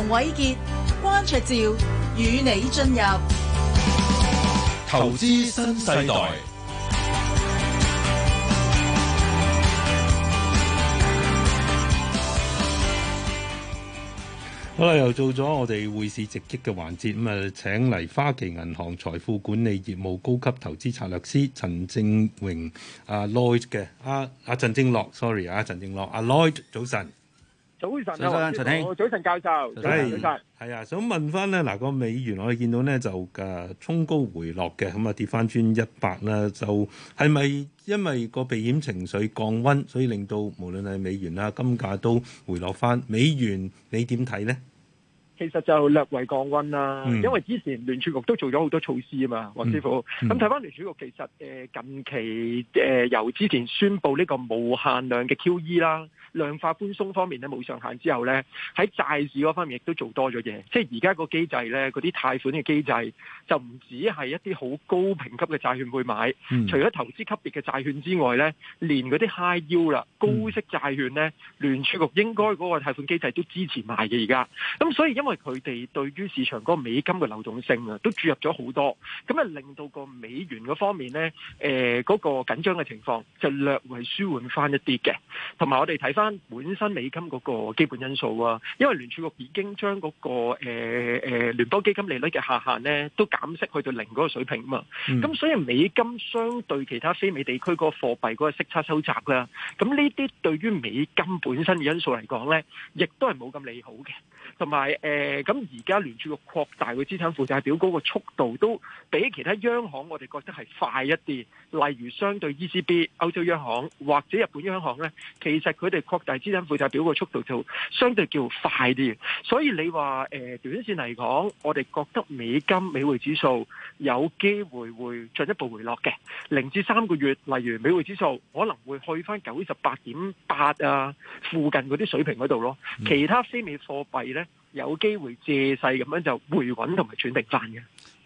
黃偉傑、關卓照與你進入投資新世代。世代好啦，又做咗我哋匯市直擊嘅環節，咁啊，請嚟花旗銀行財富管理業務高級投資策略師陳正榮阿 Lloyd 嘅阿阿陳正犖，sorry 啊、uh,，陳正犖，阿 Lloyd 早晨。早晨啊，楚仁，早晨教授，係，係啊，想問翻咧，嗱個美元，我哋見到咧就誒衝高回落嘅，咁啊跌翻穿一百啦，就係咪因為個避險情緒降溫，所以令到無論係美元啦、金價都回落翻？美元你點睇咧？其實就略為降溫啦，因為之前聯儲局都做咗好多措施啊嘛，黃師傅。咁睇翻聯儲局，其實誒近期誒由之前宣布呢個無限量嘅 QE 啦。量化寬鬆方面咧冇上限之後咧，喺債市嗰方面亦都做多咗嘢，即係而家個機制咧，嗰啲貸款嘅機制就唔止係一啲好高評級嘅債券會買，嗯、除咗投資級別嘅債券之外咧，連嗰啲 high yield 啦、高息債券咧，聯儲、嗯、局應該嗰個貸款機制都支持買嘅。而家咁所以因為佢哋對於市場嗰個美金嘅流動性啊，都注入咗好多，咁啊令到個美元嗰方面咧，嗰、呃嗰個緊張嘅情況就略為舒緩翻一啲嘅，同埋我哋睇翻。本身美金嗰個基本因素啊，因為聯儲局已經將嗰、那個誒誒聯邦基金利率嘅下限咧，都減息去到零嗰個水平啊嘛。咁、mm. 所以美金相對其他非美地區嗰個貨幣嗰個息差收窄啦。咁呢啲對於美金本身嘅因素嚟講咧，亦都係冇咁利好嘅。同埋誒咁而家聯儲局擴大嘅資產負債表嗰個速度，都比其他央行我哋覺得係快一啲。例如相對 ECB 歐洲央行或者日本央行咧，其實佢哋擴大資產負債表嘅速度就相對叫快啲，所以你話誒、呃、短線嚟講，我哋覺得美金美匯指數有機會會進一步回落嘅，零至三個月，例如美匯指數可能會去翻九十八點八啊附近嗰啲水平嗰度咯，其他非美貨幣呢，有機會借勢咁樣就回穩同埋轉定翻嘅。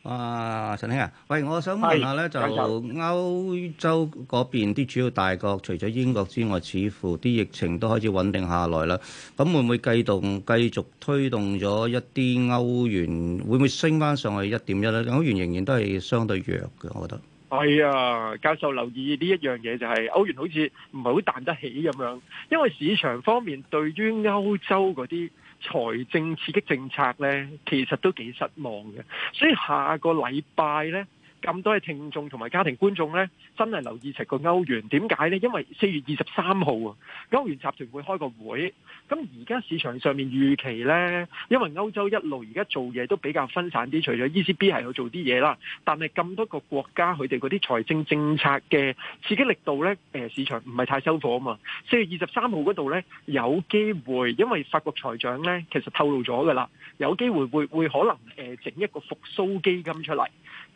哇，陳生啊，喂，我想問下咧，就歐洲嗰邊啲主要大國，除咗英國之外，似乎啲疫情都開始穩定下來啦。咁會唔會繼續繼續推動咗一啲歐元？會唔會升翻上去一點一咧？歐元仍然都係相對弱嘅，我覺得。係啊，教授留意呢一樣嘢就係歐元好似唔係好彈得起咁樣，因為市場方面對於歐洲嗰啲。財政刺激政策咧，其實都幾失望嘅，所以下個禮拜咧。咁多嘅聽眾同埋家庭觀眾呢，真係留意成個歐元點解呢？因為四月二十三號啊，歐元集團會開個會。咁而家市場上面預期呢，因為歐洲一路而家做嘢都比較分散啲，除咗 ECB 係去做啲嘢啦，但係咁多個國家佢哋嗰啲財政政策嘅刺激力度呢，呃，市場唔係太收火啊嘛。四月二十三號嗰度呢，有機會，因為法國財長呢其實透露咗噶啦，有機會會會可能，呃，整一個復甦基金出嚟。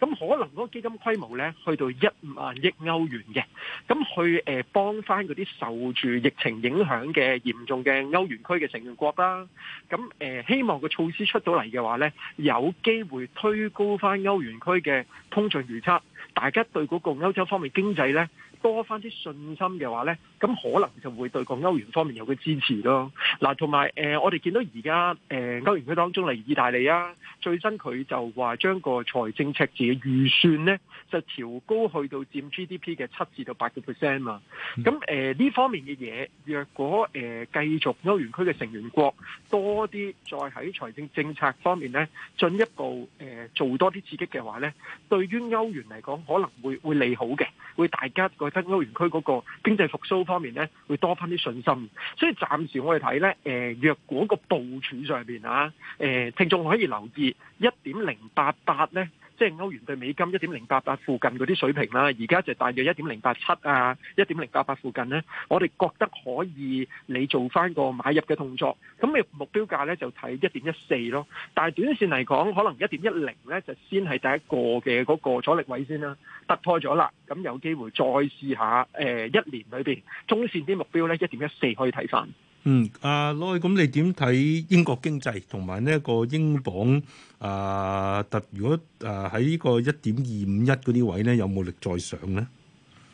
咁可能嗰個基金規模呢，去到一萬億歐元嘅，咁去誒幫翻嗰啲受住疫情影響嘅嚴重嘅歐元區嘅成員國啦。咁、呃、希望個措施出到嚟嘅話呢，有機會推高翻歐元區嘅通脹預測，大家對嗰個歐洲方面經濟呢，多翻啲信心嘅話咧，咁可能就會對個歐元方面有個支持咯。嗱，同埋誒，我哋見到而家誒歐元區當中，例如意大利啊，最新佢就話將個財政赤字嘅預算咧，就調高去到佔 GDP 嘅七至到八個 percent 啊。咁誒呢方面嘅嘢，若果誒繼、呃、續歐元區嘅成員國多啲再喺財政政策方面咧，進一步誒、呃、做多啲刺激嘅話咧，對於歐元嚟講可能會會利好嘅，會大家歐元區嗰個經濟復甦方面咧，會多翻啲信心，所以暫時我哋睇咧，呃，若果個部署上邊啊，呃，聽眾可以留意一點零八八咧。即係歐元對美金一點零八八附近嗰啲水平啦，而家就大約一點零八七啊，一點零八八附近呢，我哋覺得可以你做翻個買入嘅動作，咁你目標價呢就睇一點一四咯。但係短線嚟講，可能一點一零呢，就先係第一個嘅嗰個阻力位先啦、啊，突破咗啦，咁有機會再試下誒、呃、一年裏邊中線啲目標呢，一點一四可以睇翻。嗯，阿羅，咁你點睇英國經濟同埋呢個英鎊啊？特如果啊喺呢個一點二五一嗰啲位咧，有冇力再上咧？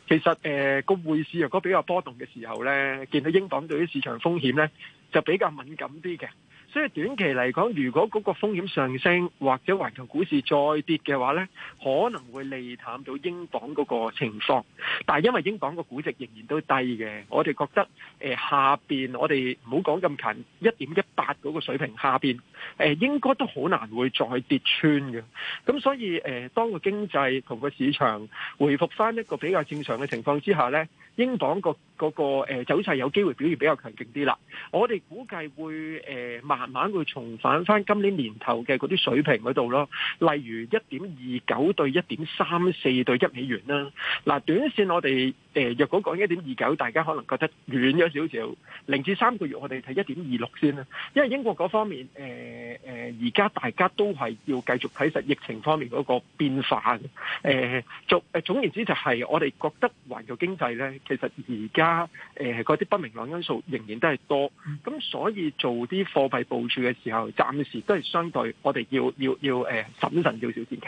其實誒個匯市如果比較波動嘅時候咧，見到英鎊對於市場風險咧就比較敏感啲嘅。即係短期嚟講，如果嗰個風險上升，或者環球股市再跌嘅話呢，可能會利淡到英鎊嗰個情況。但係因為英鎊個估值仍然都低嘅，我哋覺得、呃、下邊我哋唔好講咁近一點一八嗰個水平下邊誒、呃、應該都好難會再跌穿嘅。咁所以誒、呃，當個經濟同個市場回復返一個比較正常嘅情況之下呢，英鎊個嗰、那個、呃、走勢有機會表現比較強勁啲啦，我哋估計會誒、呃、慢慢會重返翻今年年頭嘅嗰啲水平嗰度咯，例如一點二九對一點三四對一美元啦，嗱、啊、短線我哋。誒若果講一點二九，大家可能覺得遠咗少少。零至三個月，我哋睇一點二六先啦。因為英國嗰方面，誒、呃、誒，而、呃、家大家都係要繼續睇實疫情方面嗰個變化嘅。誒、呃，總誒總言之，就係我哋覺得環球經濟咧，其實而家誒嗰啲不明朗因素仍然都係多。咁所以做啲貨幣部署嘅時候，暫時都係相對我哋要要要誒審、呃、慎少少先嘅。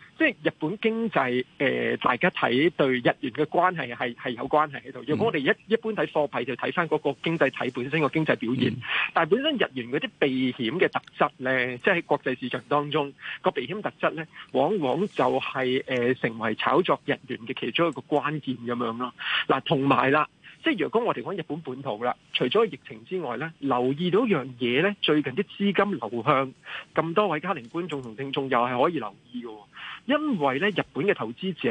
即係日本經濟誒、呃，大家睇對日元嘅關係係係有關係喺度。如果我哋一一般睇貨幣就睇翻嗰個經濟體本身個經濟表現，嗯、但係本身日元嗰啲避險嘅特質咧，即係喺國際市場當中個避險特質咧，往往就係、是、誒、呃、成為炒作日元嘅其中一個關鍵咁樣咯。嗱、啊，同埋啦，即係如果我哋講日本本土啦，除咗疫情之外咧，留意到樣嘢咧，最近啲資金流向，咁多位家庭觀眾同聽眾又係可以留意嘅。因為咧，日本嘅投資者，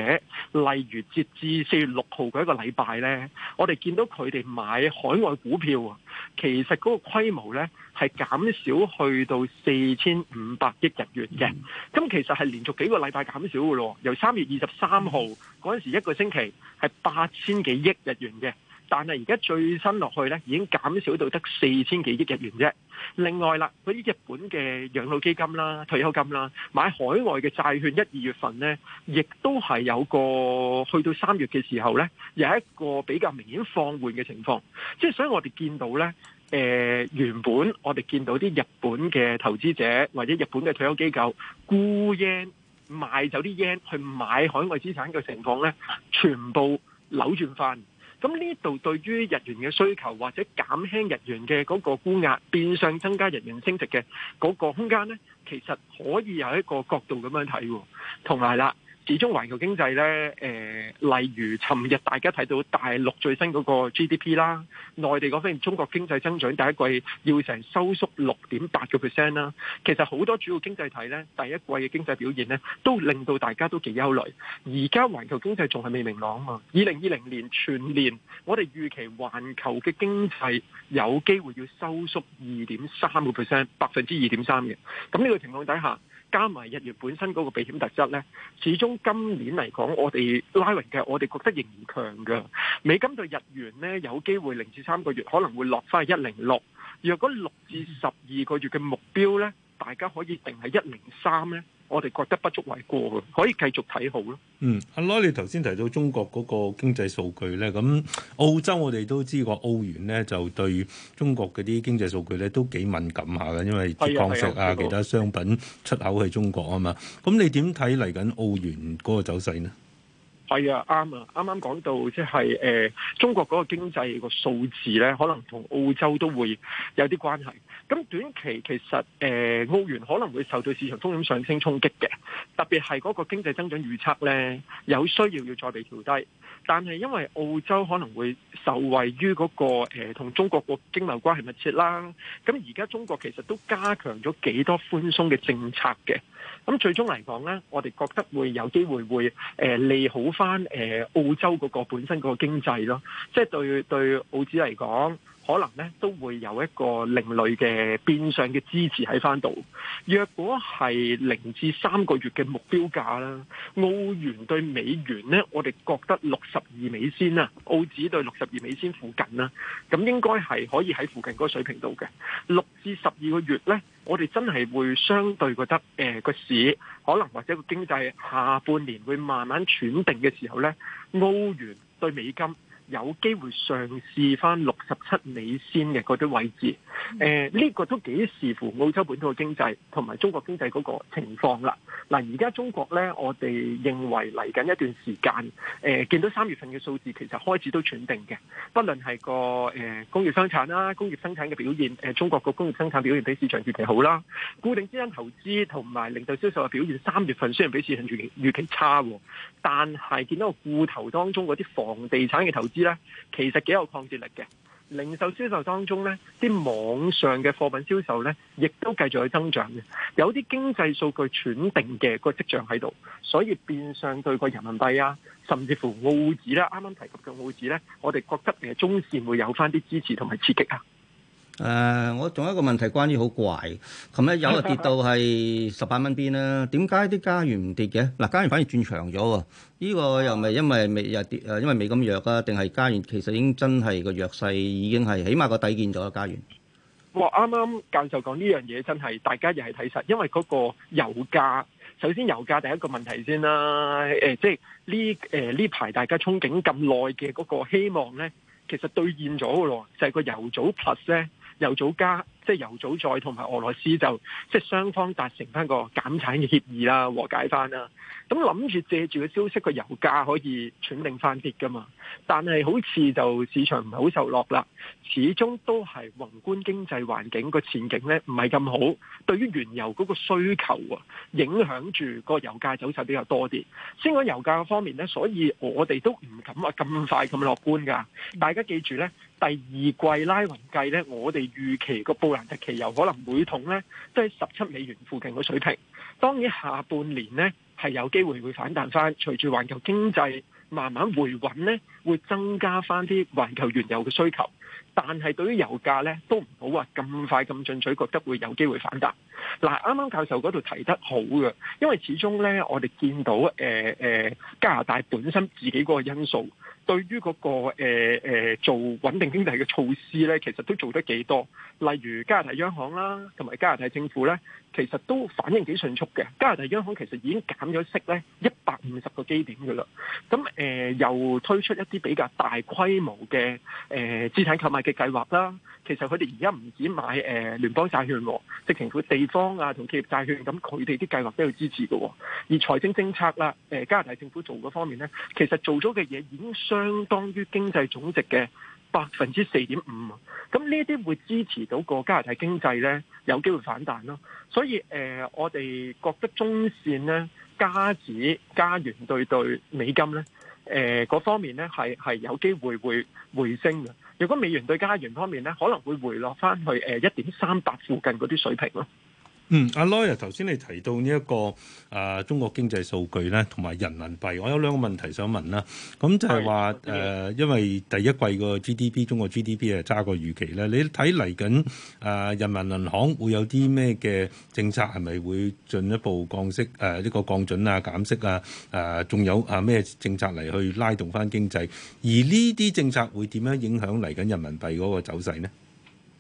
例如截至四月六號嗰一個禮拜咧，我哋見到佢哋買海外股票啊，其實嗰個規模咧係減少去到四千五百億日元嘅。咁其實係連續幾個禮拜減少嘅咯，由三月二十三號嗰陣時，一個星期係八千幾億日元嘅。但係而家最新落去呢，已經減少到得四千幾億日元啫。另外啦，嗰啲日本嘅養老基金啦、退休金啦，買海外嘅債券，一二月份呢，亦都係有個去到三月嘅時候呢，有一個比較明顯放緩嘅情況。即係所以我哋見到呢，誒原本我哋見到啲日本嘅投資者或者日本嘅退休機構沽 yen 賣走啲 yen 去買海外資產嘅情況呢，全部扭轉翻。咁呢度對於日元嘅需求或者減輕日元嘅嗰個沽壓，變相增加日元升值嘅嗰個空間呢，其實可以有一個角度咁樣睇，同埋啦。始終環球經濟咧，誒、呃，例如尋日大家睇到大陸最新嗰個 GDP 啦，內地嗰邊中國經濟增長第一季要成收縮六點八個 percent 啦。其實好多主要經濟體咧第一季嘅經濟表現咧，都令到大家都幾憂慮。而家環球經濟仲係未明朗啊嘛。二零二零年全年我哋預期環球嘅經濟有機會要收縮二點三個 percent，百分之二點三嘅。咁呢個情況底下。加埋日元本身嗰個避險特質呢，始終今年嚟講，我哋拉榮嘅，我哋覺得仍然強嘅。美金對日元呢，有機會零至三個月可能會落返一零六。若果六至十二個月嘅目標呢，大家可以定喺一零三呢。我哋覺得不足為過嘅，可以繼續睇好咯。嗯，阿 Lo 你頭先提到中國嗰個經濟數據咧，咁澳洲我哋都知個澳元咧就對中國嗰啲經濟數據咧都幾敏感下嘅，因為鐵礦石啊其他商品出口去中國啊嘛。咁你點睇嚟緊澳元嗰個走勢呢？係啊，啱啊，啱啱講到即係誒中國嗰個經濟個數字咧，可能同澳洲都會有啲關係。咁短期其實誒、呃、澳元可能會受到市場風險上升衝擊嘅，特別係嗰個經濟增長預測咧，有需要要再被調低。但係因為澳洲可能會受惠於嗰、那個誒、呃、同中國國經貿關係密切啦，咁而家中國其實都加強咗幾多寬鬆嘅政策嘅，咁最終嚟講咧，我哋覺得會有機會會誒、呃、利好翻誒、呃、澳洲嗰個本身個經濟咯，即係對對澳紙嚟講。可能咧都會有一個另類嘅變相嘅支持喺翻度。若果係零至三個月嘅目標價啦，澳元對美元咧，我哋覺得六十二美仙啊，澳紙對六十二美仙附近啦，咁應該係可以喺附近個水平度嘅。六至十二個月咧，我哋真係會相對覺得誒個市可能或者個經濟下半年會慢慢喘定嘅時候咧，澳元對美金，有機會嘗試翻六十七美仙嘅嗰啲位置，誒、呃、呢、這個都幾視乎澳洲本土嘅經濟同埋中國經濟嗰個情況啦。嗱而家中國呢，我哋認為嚟緊一段時間，誒、呃、見到三月份嘅數字其實開始都轉定嘅。不論係個誒工業生產啦、工業生產嘅表現，呃、中國個工業生產表現比市場預期好啦。固定資產投資同埋零售銷售嘅表現，三月份雖然比市場預期預期差，但係見到固投當中嗰啲房地產嘅投資。其實幾有抗跌力嘅。零售銷售當中呢啲網上嘅貨品銷售呢，亦都繼續去增長嘅。有啲經濟數據斷定嘅個跡象喺度，所以變相對個人民幣啊，甚至乎澳紙啦，啱啱提及嘅澳紙呢，我哋覺得誒中線會有翻啲支持同埋刺激啊。誒、呃，我仲有一個問題，關於好怪，琴日油跌到係十八蚊邊啦，點解啲加元唔跌嘅？嗱，加元反而轉長咗喎，依、這個又咪因為美又跌，誒，因為未咁弱啊，定係加元其實已經真係個弱勢已經係，起碼個底見咗加元。我啱啱教授講呢樣嘢真係，大家又係睇實，因為嗰個油價，首先油價第一個問題先啦，誒、呃，即係呢誒呢排大家憧憬咁耐嘅嗰個希望咧，其實兌現咗嘅咯，就係、是、個油組 Plus 咧。呢由早加。即係油組再同埋俄羅斯就即係雙方達成翻個減產嘅協議啦，和解翻啦。咁諗住借住個消息，個油價可以喘定翻跌噶嘛。但係好似就市場唔係好受落啦，始終都係宏觀經濟環境個前景呢唔係咁好。對於原油嗰個需求啊，影響住個油價走勢比較多啲。先講油價方面呢，所以我哋都唔敢話咁快咁樂觀噶。大家記住呢，第二季拉勻計呢，我哋預期個報。期油可能每桶呢都喺十七美元附近嘅水平。當然下半年呢係有機會會反彈翻，隨住環球經濟慢慢回穩呢會增加翻啲環球原油嘅需求。但係對於油價呢都唔好話咁快咁進取，覺得會有機會反彈。嗱，啱啱教授嗰度提得好嘅，因為始終呢我哋見到誒誒、呃呃、加拿大本身自己嗰個因素，對於嗰、嗰個誒、呃呃做穩定經濟嘅措施呢，其實都做得幾多。例如加拿大央行啦、啊，同埋加拿大政府呢，其實都反應幾迅速嘅。加拿大央行其實已經減咗息呢一百五十個基點㗎啦。咁誒、呃、又推出一啲比較大規模嘅誒、呃、資產購買嘅計劃啦。其實佢哋而家唔止買誒、呃、聯邦債券，直情佢地方啊同企業債券，咁佢哋啲計劃都要支持喎。而財政政策啦、呃，加拿大政府做嘅方面呢，其實做咗嘅嘢已經相當於經濟總值嘅百分之四點五啊，咁呢啲會支持到個加拿大經濟呢，有機會反彈咯。所以誒、呃，我哋覺得中線呢，加指加元對對美金呢，誒、呃、嗰方面呢係係有機會會回升嘅。如果美元對加元方面呢，可能會回落翻去誒一點三八附近嗰啲水平咯。嗯，阿 Lawyer，頭先你提到呢、這、一個誒、呃、中國經濟數據咧，同埋人民幣，我有兩個問題想問啦。咁就係話誒，因為第一季個 GDP，中國 GDP 係差過預期咧。你睇嚟緊誒人民銀行會有啲咩嘅政策，係咪會進一步降息誒？呢、呃這個降準啊、減息啊，誒、呃、仲有啊咩政策嚟去拉動翻經濟？而呢啲政策會點樣影響嚟緊人民幣嗰個走勢呢？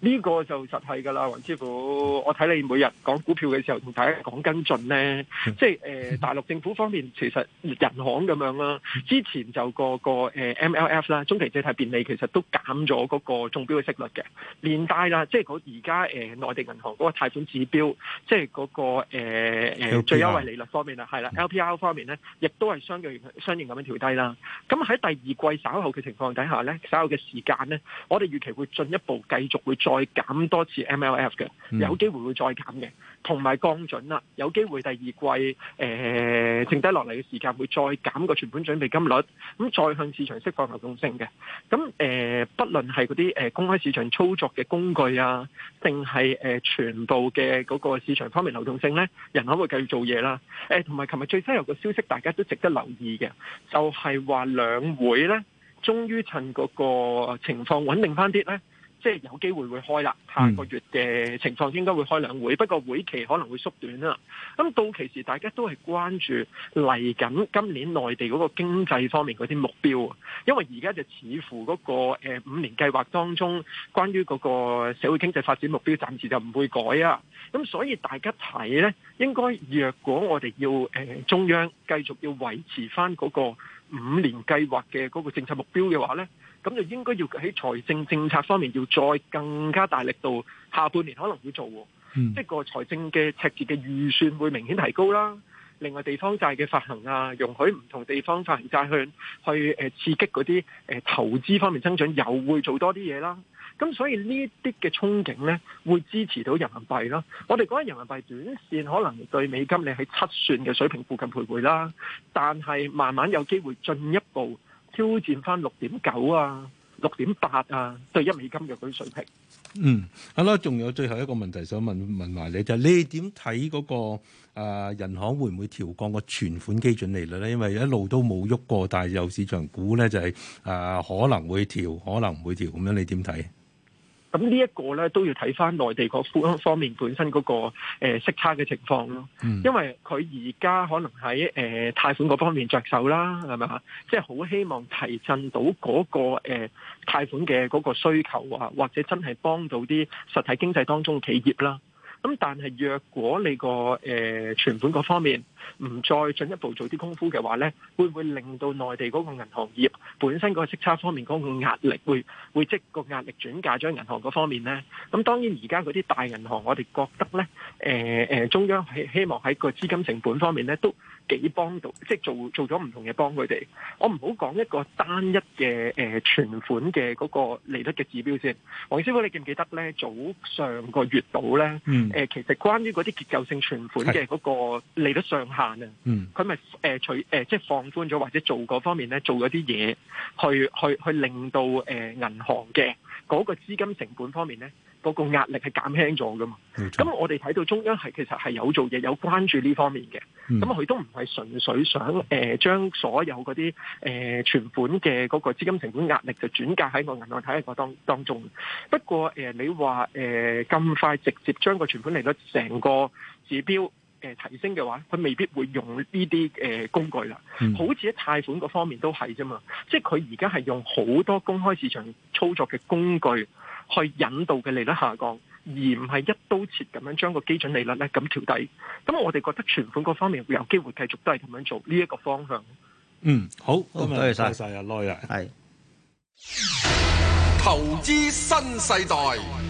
呢個就實係噶啦，黃師傅，我睇你每日講股票嘅時候同大家講跟進咧，即係誒、呃、大陸政府方面，其實人行咁樣啦，之前就、那個個誒 MLF 啦，呃、ML F，中期借貸便利其實都減咗嗰個中標嘅息率嘅，連帶啦，即係而家誒內地銀行嗰個貸款指標，即係嗰、那個誒、呃、LPR 最優惠利率方面啦，係啦，LPR 方面咧，亦都係相對相應咁樣調低啦。咁喺第二季稍後嘅情況底下咧，稍後嘅時間咧，我哋預期會進一步繼續會再。再減多次 MLF 嘅，有機會會再減嘅，同埋降準啦，有機會第二季誒、呃、剩低落嚟嘅時間會再減個存款準備金率，咁再向市場釋放流動性嘅。咁誒、呃，不論係嗰啲公開市場操作嘅工具啊，定係、呃、全部嘅嗰個市場方面流動性咧，人口會繼續做嘢啦。同埋琴日最新有個消息，大家都值得留意嘅，就係話兩會咧，終於趁嗰個情況穩定翻啲咧。即係有機會會開啦，下個月嘅情況應該會開兩會，不過會期可能會縮短啦。咁到其時，大家都係關注嚟緊今年內地嗰個經濟方面嗰啲目標，因為而家就似乎嗰個誒五年計劃當中，關於嗰個社會經濟發展目標，暫時就唔會改啊。咁所以大家睇呢，應該若果我哋要誒、呃、中央繼續要維持翻嗰個五年計劃嘅嗰個政策目標嘅話呢。咁就應該要喺財政政策方面要再更加大力度，下半年可能會做，即係、嗯、個財政嘅赤字嘅預算會明顯提高啦。另外地方債嘅發行啊，容許唔同地方發行債券去，去刺激嗰啲、呃、投資方面增長，又會做多啲嘢啦。咁所以呢啲嘅憧憬呢，會支持到人民幣咯。我哋講緊人民幣短線可能對美金，你喺七算嘅水平附近徘徊啦，但係慢慢有機會進一步挑戰翻六點九啊，六點八啊，對一美金嘅嗰啲水平。嗯，好啦，仲有最後一個問題想問問埋你，就係你點睇嗰個啊人行會唔會調降個存款基準利率咧？因為一路都冇喐過，但係有市場估咧就係啊可能會調，可能唔會調咁樣，你點睇？咁呢一個咧都要睇翻內地個方方面本身嗰、那個、呃、息差嘅情況咯，嗯、因為佢而家可能喺誒、呃、貸款嗰方面着手啦，係咪啊？即係好希望提振到嗰、那個誒、呃、貸款嘅嗰個需求啊，或者真係幫到啲實體經濟當中嘅企業啦。咁但係若果你個誒、呃、存款嗰方面唔再進一步做啲功夫嘅話呢會唔會令到內地嗰個銀行業本身嗰個息差方面嗰個壓力會會即個壓力轉嫁咗銀行嗰方面呢？咁當然而家嗰啲大銀行，我哋覺得呢，誒、呃、中央係希望喺個資金成本方面呢都。幾幫到，即係做做咗唔同嘢幫佢哋。我唔好講一個單一嘅誒、呃、存款嘅嗰個利率嘅指標先。黃師傅，你記唔記得咧？早上個月度咧，誒、嗯呃、其實關於嗰啲結構性存款嘅嗰個利率上限啊，佢咪誒取誒、呃、即係放寬咗，或者做嗰方面咧，做咗啲嘢，去去去令到誒、呃、銀行嘅嗰個資金成本方面咧，嗰個壓力係減輕咗噶嘛？咁我哋睇到中央係其實係有做嘢，有關注呢方面嘅。咁佢都唔係純粹想誒、呃、將所有嗰啲誒存款嘅嗰個資金成本壓力就轉嫁喺個銀行體系個當當中。不過、呃、你話誒咁快直接將個存款利率成個指標嘅、呃、提升嘅話，佢未必會用呢啲誒工具啦。好似喺貸款嗰方面都係啫嘛。即係佢而家係用好多公開市場操作嘅工具。去引導嘅利率下降，而唔係一刀切咁樣將個基準利率咧咁調低。咁我哋覺得存款嗰方面會有機會繼續都係咁樣做呢一個方向。嗯，好，今日、嗯、多謝曬啊，內人，係是投資新世代。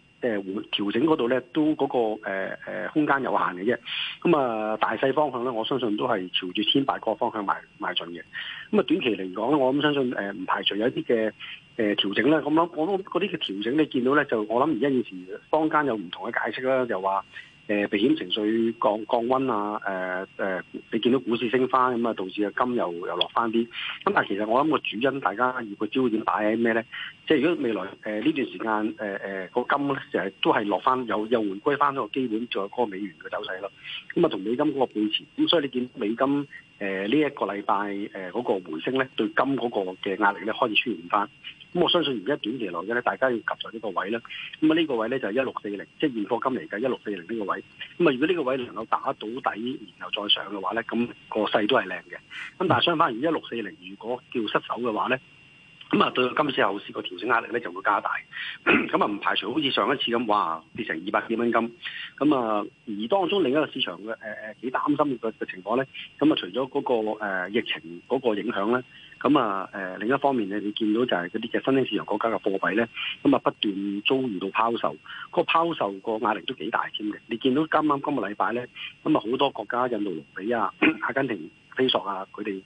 即係調整嗰度咧，都嗰、嗰個誒、呃、空間有限嘅啫。咁啊，大細方向咧，我相信都係朝住千八個方向邁邁進嘅。咁啊，短期嚟講咧，我諗相信誒唔排除有一啲嘅誒調整咧。咁樣，我諗嗰啲嘅調整你見到咧就我諗而家有時坊間有唔同嘅解釋啦，就話。誒、呃、避險情緒降降溫啊！誒、呃、誒、呃，你見到股市升翻，咁啊導致個金又又落翻啲。咁但係其實我諗個主因，大家個焦點擺喺咩咧？即係如果未來誒呢、呃、段時間誒誒個金咧，成日都係落翻，又又迴歸翻個基本，再嗰個美元嘅走勢咯。咁啊同美金嗰個背馳，咁所以你見美金誒呢一個禮拜誒嗰個回升咧，對金嗰個嘅壓力咧開始出現翻。咁我相信而家短期嚟嘅咧，大家要及在呢個位啦。咁啊，呢個位咧就係一六四零，即係現貨金嚟嘅一六四零呢個位。咁啊，如果呢個位能夠打到底，然後再上嘅話咧，咁個勢都係靚嘅。咁但係相反，而家一六四零如果叫失守嘅話咧，咁啊對今次後市個調整壓力咧就會加大。咁啊唔排除好似上一次咁，哇跌成二百幾蚊金。咁啊而當中另一個市場嘅誒誒幾擔心嘅嘅情況咧，咁啊除咗嗰、嗰個、呃、疫情嗰個影響咧。咁啊，誒、呃、另一方面咧，你見到就係嗰啲嘅新興市場國家嘅貨幣咧，咁啊不斷遭遇到拋售，嗰、那個拋售個壓力都幾大添嘅。你見到啱啱今個禮拜咧，咁啊好多國家印度盧比啊、 阿根廷比索啊，佢哋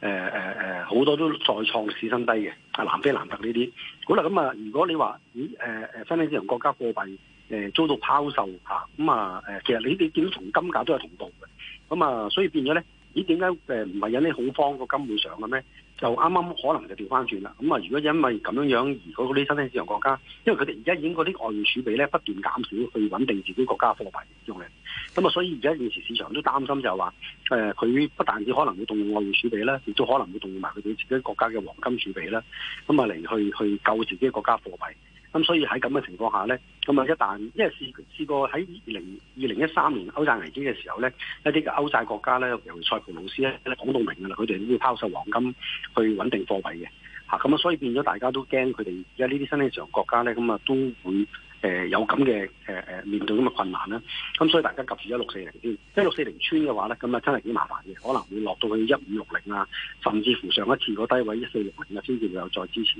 誒誒好多都再創市新低嘅。啊，南非蘭特呢啲，好啦，咁啊，如果你話咦、呃、新興市場國家貨幣誒、呃、遭到拋售吓咁啊、呃、其實你哋見到同金價都係同步嘅，咁啊，所以變咗咧，咦點解誒唔係引起恐慌個金會上嘅咩？就啱啱可能就掉翻轉啦，咁啊如果因為咁樣樣而嗰啲新興市場國家，因為佢哋而家已經嗰啲外匯儲備咧不斷減少，去穩定自己國家貨幣用嚟。咁啊所以而家現時市場都擔心就係話，誒佢不但止可能會動用外匯儲備咧，亦都可能會動用埋佢哋自己國家嘅黃金儲備啦，咁啊嚟去去救自己國家貨幣。咁、嗯、所以喺咁嘅情況下咧，咁啊一旦，因為試試過喺二零二零一三年歐債危機嘅時候咧，一啲嘅歐債國家咧，尤其塞浦路斯咧講到明噶啦，佢哋都要拋售黃金去穩定貨幣嘅嚇，咁啊所以變咗大家都驚佢哋而家呢啲新興市場國家咧，咁啊都會誒、呃、有咁嘅誒誒面對咁嘅困難啦。咁、啊、所以大家及住一六四零先，一六四零穿嘅話咧，咁啊真係幾麻煩嘅，可能會落到去一五六零啊，甚至乎上一次個低位一四六零啊，先至會有再支持。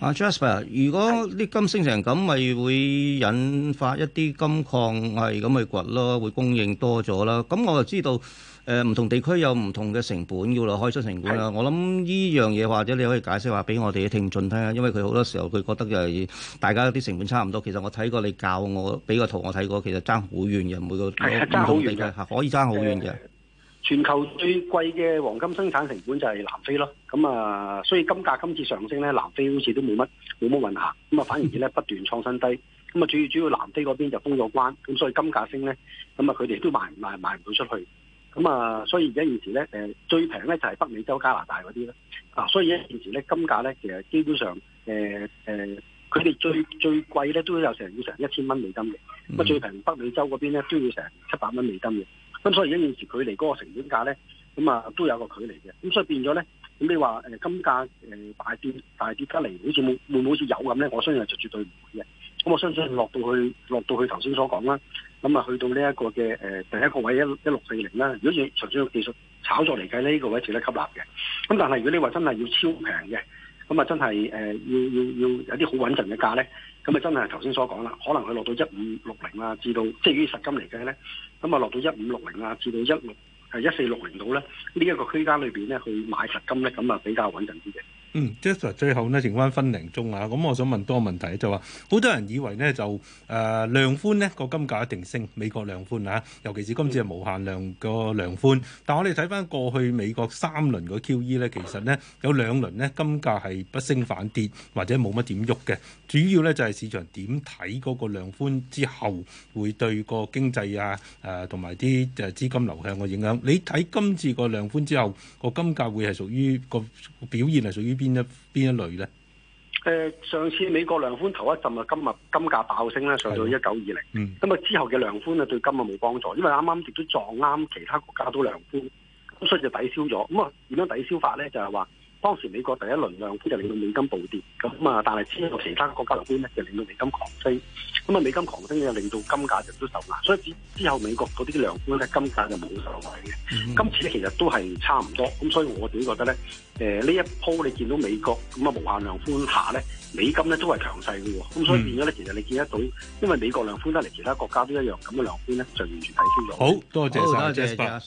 阿 Jasper 如果啲金升成咁，咪的會引發一啲金礦係咁去掘咯，會供應多咗啦。咁我就知道，誒、呃、唔同地區有唔同嘅成本要嚟開出成本啦。的我諗呢樣嘢或者你可以解釋話俾我哋聽眾聽啊，因為佢好多時候佢覺得就係大家啲成本差唔多。其實我睇過你教我俾個圖我睇過，其實爭好遠嘅，每個唔同地區可以爭好遠嘅。全球最貴嘅黃金生產成本就係南非咯，咁、嗯、啊，所以金價今次上升咧，南非好似都冇乜冇乜運行，咁啊，反而而咧不斷創新低，咁啊，主要主要南非嗰邊就封咗關，咁所以金價升咧，咁啊，佢哋都賣賣賣唔到出去，咁、嗯、啊，所以而家現時咧，誒最平咧就係北美洲加拿大嗰啲啦，啊，所以而家現時咧金價咧其實基本上，誒、呃、誒，佢、呃、哋最最貴咧都有成要成一千蚊美金嘅，咁啊最平北美洲嗰邊咧都要成七百蚊美金嘅。咁所以而家現時距離嗰個成本價咧，咁啊都有個距離嘅。咁所以變咗咧，咁你話誒金價大跌大跌得嚟，會會好似冇冇好似有咁咧？我相信係絕對唔會嘅。咁我相信落到去落到去頭先所講啦，咁啊去到呢一個嘅第一個位一一六四零啦。40，如果要純粹嘅技術炒作嚟計，呢、呢個位置呢，吸納嘅。咁但係如果你話真係要超平嘅，咁啊，真係、呃、要要要有啲好穩陣嘅價咧，咁啊真係頭先所講啦，可能佢落到一五六零啦，至到即係於實金嚟計咧，咁啊落到一五六零啦，至到一六係一四六零度咧，呢、這、一個區間裏面咧去買實金咧，咁啊比較穩陣啲嘅。嗯，Jasper，最後咧剩翻分零鐘啊，咁我想問多個問題就話，好多人以為咧就誒量寬咧個金價一定升，美國量寬啊，尤其是今次係無限量個量寬。但係我哋睇翻過去美國三輪個 QE 咧，其實咧有兩輪咧金價係不升反跌或者冇乜點喐嘅。主要咧就係市場點睇嗰個量寬之後會對個經濟啊誒同埋啲誒資金流向個影響。你睇今次個量寬之後個金價會係屬於個表現係屬於邊？邊一邊一類咧？誒、呃，上次美國量寬頭一陣啊，今日金價爆升啦，上到一九二零。咁、嗯、啊之後嘅量寬啊對金啊冇幫助，因為啱啱亦都撞啱其他國家都量寬，咁所以就抵消咗。咁啊，點樣抵消法咧？就係話。當時美國第一輪量寬就令到美金暴跌，咁啊，但係之後其他國家量寬咧就令到美金狂升，咁啊，美金狂升咧令到金價就都受壓，所以之之後美國嗰啲量寬咧金價就冇受惠嘅。今、嗯、次咧其實都係差唔多，咁所以我自己覺得咧，誒、呃、呢一波你見到美國咁啊無限量寬下咧，美金咧都係強勢嘅喎，咁、嗯、所以變咗咧其實你見得到，因為美國量寬得嚟，其他國家都一樣，咁嘅量寬咧就完全睇清咗。好多謝曬，好多